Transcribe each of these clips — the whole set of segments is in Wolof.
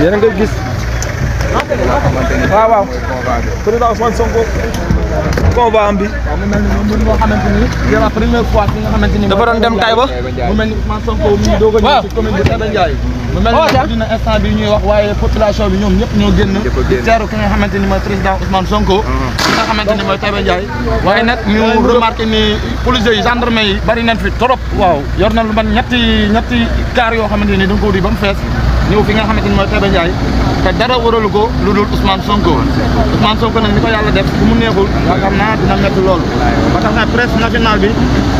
yéen a ngay gis waaw waaw président Ousmane Sonko convoi am bi waaw mu mel ni moom mbir moo xamante ni c'est la première fois ki nga xamante ni dafa doon dem Taïba mu mel ni Ousmane Sonko mi ngi doog a ñëw ci commune bi Taïba Ndiaye mu mel ni dina instant bi ñuy wax waaye population bi ñoom ñëpp ñoo génn di teeru ki nga xamante ni mooy président Ousmane Sonko ah. ki nga xamante ni mooy Taïba Ndiaye waaye nag ñu remarqué ni policiers yi gendarme yi bari nañ fi trop waaw yor na lu man ñetti ñetti kaar yoo xamante ni dañ ko di ba mu fees ñëw fi nga xamante ni mooy Taïba Ndiaye te dara waralu ko lu dul Ousmane Sonko Ousmane Sonko nag ni ko yàlla def bu mu neexul nga xam naa dina métti loolu ba tax na presse nationale bi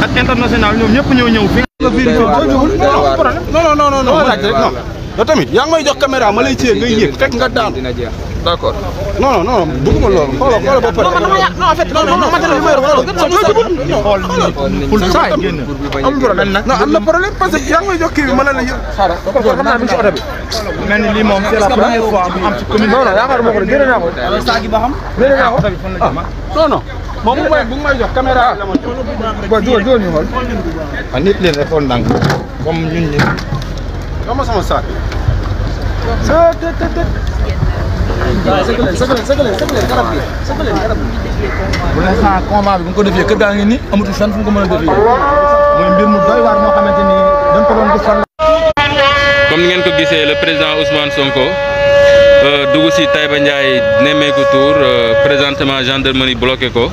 ak internationale ñoom ñëpp ñëw ñëw fi nga non non non non non non non non non non non non non non non non non non d' accord non non non bëgguma loolu. xooloo xooloo ba pare. non non en fait non non man dana li ma yor xooloo. xooloo non am na problème parce que yaa ngi may jox kii bi ma ne la yë. xaaral xam naa mi ngi si oto bi. mel ni lii moom c' est la première fois mu am ci commune. non non yaakaaruma ko de génne naa ko. saagi ba xam. génne naa ko ah non non. moom bu may bu may jox caméra la ma jox. waaw joo joo ñu xool. ah nit leen rek xool ndànk comme ñun ñëpp. sama saak. te te te. sëkkaleen sëkkaleen sëkkaleen sëkkaleen ko defee kër ngi nii amatul fenn ko mën a ni comme ni ngeen ko gisee le président Ousmane Sonko euh, dugg si Taïba Ndiaye nemmeeku tour euh, présentement gendarmerie bloqué ko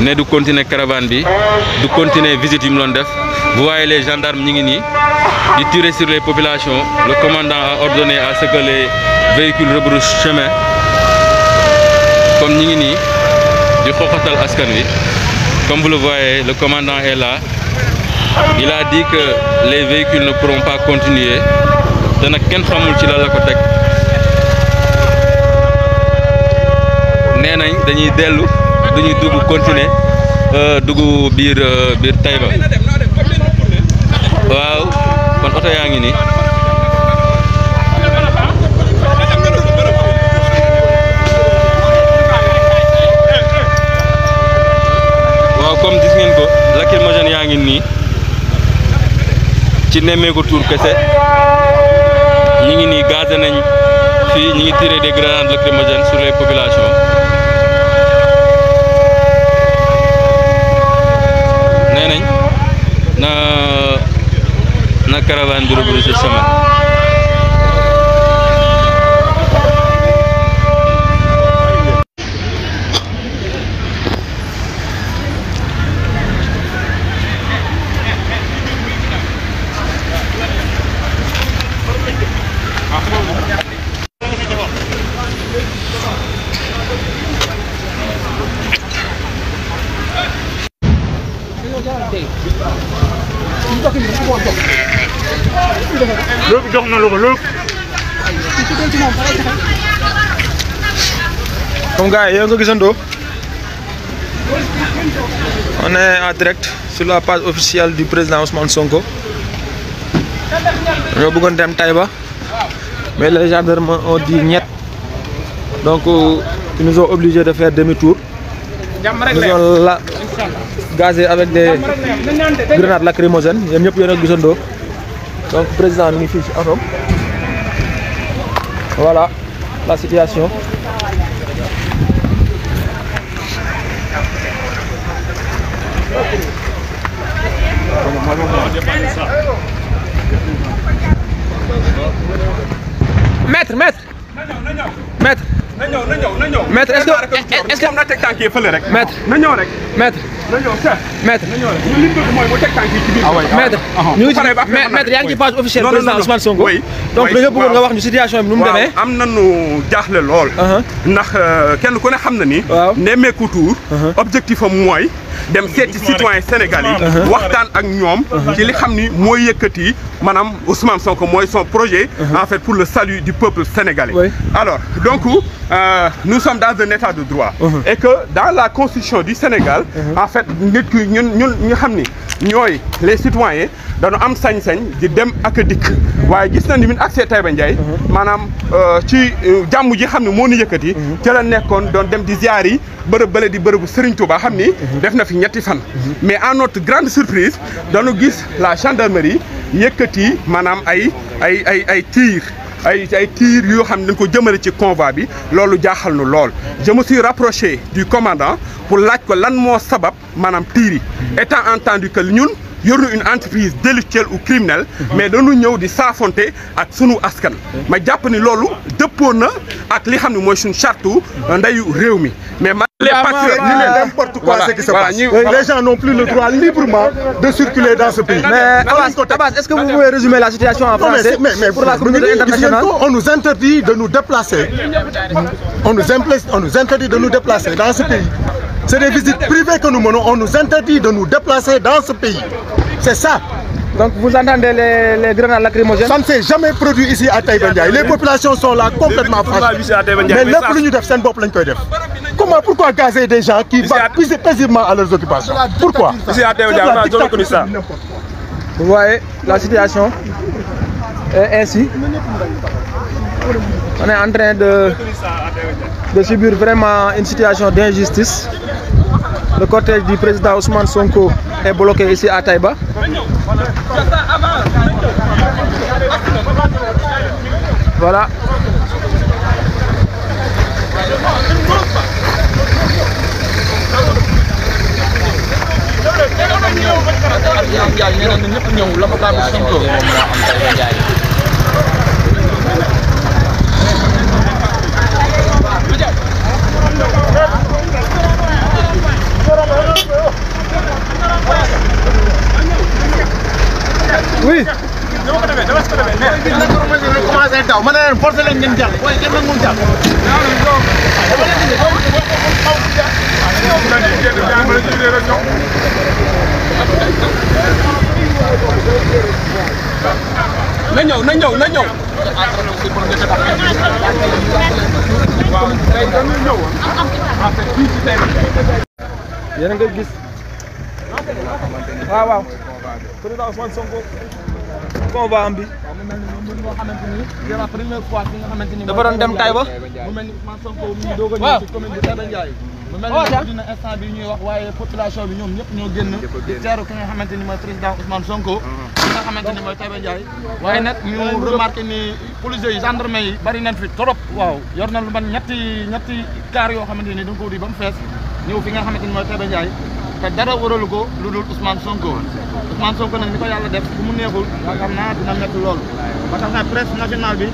ne du continuer caravane bi du continuer visite yi mu def vous voyez les gendarmes ñi ngi nii di tirer sur les populations le commandant a ordonné à ce véhicule rebrousse chemin comme ñi ngi nii di xoxatal askan wi comme vous le voyez le commandant est là il a dit que les véhicules ne pourront pas continuer te nag kenn xamul ci la la ko teg nee nañ dañuy dellu dañuy dugg continuer euh, dugg biir euh, biir Taïba waaw kon oto yaa ngi nii. ci nemmeeku tour kese ñi ngi nii gazé nañ fii ñi ngi tiré des grenades lacrymogènes sur les populations lépp jox na lu ko lépp. comme gars yi yow nga gisandoo. on est en direct sur la page officielle du président Ousmane Sonko. ñoo bëggoon dem Taïba. mais les gendarmes ont dit ñett. donc euh, ils nous ont obligés de faire demi-tour. nous ont la gazé avec des grenades lacrymogènes yéen ñëpp yéen a gisandoo. donc président mi ngi fii ci otom voilà la situation maître est-ce que est-ce que na teg tànk yi fële rek. maître na ñëw rek. maître na ñëw seet. maître na ñëw rek ñun li ñu bëgg mooy mu teg tànk yi ci biir. Ah ah ah ngi ci maître yaa ngi ci page officielle président Ousmane Sonko. donc dañoo nga wax ñu situation bi nu mu demee. waaw am nañu lool. Uh-huh. ndax euh, kenn ku ne xam na ni. waaw nemmeeku uh-huh. objectif am mooy. dem seeti citoyen Sénégal uh-huh. waxtaan ak ñoom. ci li xam ni mooy yëkkati maanaam Ousmane Sonko mooy son projet. en fait pour le salut du peuple sénégalais. alors donc euh, nous sommes dans un état de droit. Uh-huh. et que dans la constitution du Sénégal. Uh-huh. en fait nit ñun ñun ñu xam ni ñooy les citoyens dañu am sañ-sañ di dem ak dikk. Uh-huh. waaye gis na ni min accès Taïba Ndiaye. maanaam euh, ci euh, jàmm ji xam ne moo ñu yëkkati. ca a nekkoon doon dem di ziar yi bërëb bële di bërëbu Serigne Touba xam ni. def na fi ñetti fan. mais à notre grande surprise dañu gis la gendarmerie yëkkati maanaam ay ay ay ay tiir. ay ay tiir yoo xam ne dañ ko jëmale ci convoi bi loolu jaaxal nu lool je me suis rapproché du commandant pour laaj ko lan moo sabab maanaam tiir yi étant entendu que ñun yornu une entreprise délictuelle ou criminelle mais dañu ñëw di saafonte ak sunu askan ma jàpp ni loolu dëppoo na ak li xam ne mooy suñu charte ndayu réew mi mais les patriotes n'importe quoi ce qui se passe les gens n'ont plus le droit librement de circuler dans ce pays mais est-ce que vous pouvez résumer la situation en français pour la communauté internationale on nous interdit de nous déplacer on nous on nous interdit de nous déplacer dans ce pays c'est des visites privées que nous menons on nous interdit de nous déplacer dans ce pays c'est ça Donc vous entendez les, les grenades lacrymogènes Ça ne s'est jamais produit ici à Taïba Les populations sont là complètement franches. Mais lépp lu ñu def Comment pourquoi gazer des gens qui battent paisiblement à leurs occupations Pourquoi la situation est ainsi. On est en train de de vraiment une situation d'injustice. Le cortège du président Ousmane Sonko est bloqué ici à Taïba. Voilà. ñëw oui. dama ko demee dama si ko demee mais. bii nag normal bi ñu commencé daw ma ne leen forcé leen ngeen jàll waaye kenn nag mun jàll. na ñëw na ñëw na ñëw. waaw tey dañuy ñëw. yéen a ngay gis waaw waaw président Ousmane Sonko convoi am bi dafa doon dem Taïba mu mel ni Ousmane Sonko mu ngi doog a ñëw ci commune bi Taïba Ndiaye mu mel ni oh, dina instant bi ñuy wax waaye population bi ñoom ñëpp ñoo génn di teeru ki nga xamante ni mooy président Ousmane Sonko ah. ki nga xamante ni mooy Taïba Ndiaye waaye nag ñu remarqué ni policiers yi gendarme yi bari nañ fi trop waaw yor na lu man ñetti ñetti kaar yoo xamante ni dañ ko di ba mu fees ñëw fi nga xamante ni mooy Taïba Ndiaye te dara waralu ko lu dul Ousmane Sonko Ousmane Sonko nag ni ko yàlla def bu mu neexul nga xam naa dina métti loolu ba tax na presse nationale bi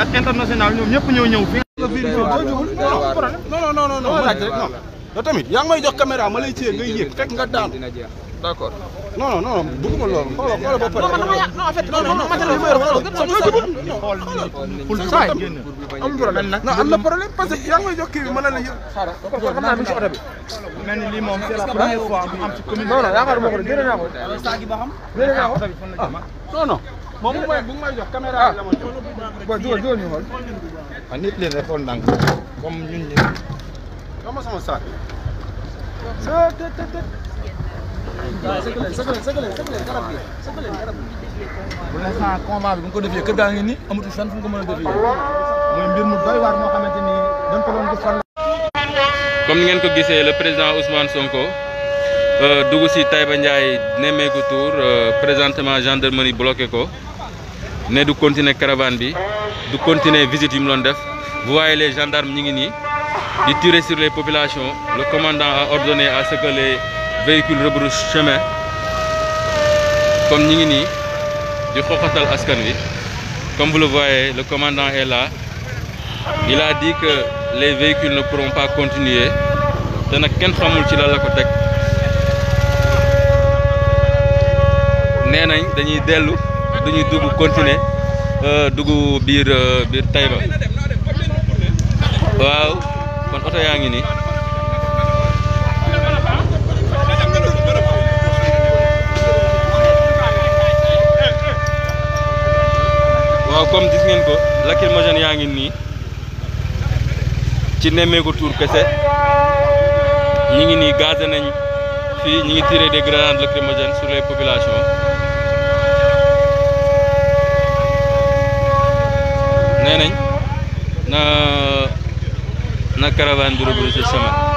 ak internationale ñoom ñëpp ñëw ñëw fi nga non non non non non non non non non non non non non non non non non non non non non bëgguma loolu xoolal mu am ci commune. non non yaakaar naa ko de génne naa ko. génne naa ko non non. moom bu may bu may leen rek xool ndànk comme ñun ñëpp. waaw bi bu ko defee kër gaa ngi nii ko mën ni comme ngeen ko gisee le président Ousmane Sonko euh, dugg si Taïba Ndiaye nemmeeku tour euh, présentement gendarmerie bloqué ko ne du continuer caravane bi du continuer visite yi mu doon def vous voyez les gendarmes ñi ngi nii di tirer sur les populations le commandant a ordonné à ce véhicule rebrousse chemin comme ñi ngi nii di xoxatal askan wi comme vous le commandant et la il a dit que les véhicules ne pourront pas continuer te nag kenn xamul ci la la ko teg nee nañ dañuy dellu dañuy dugg continuer euh, dugg biir euh, biir Taïba waaw kon oto yaa ngi nii ngeen ko lacrymogène yaa ngi nii ci nemmeeku tour kese ñi ngi nii gazé nañ fii ñi ngi de des grenades lacrymogènes sur les populations nee nañ na na caravane bi rebroussé chemin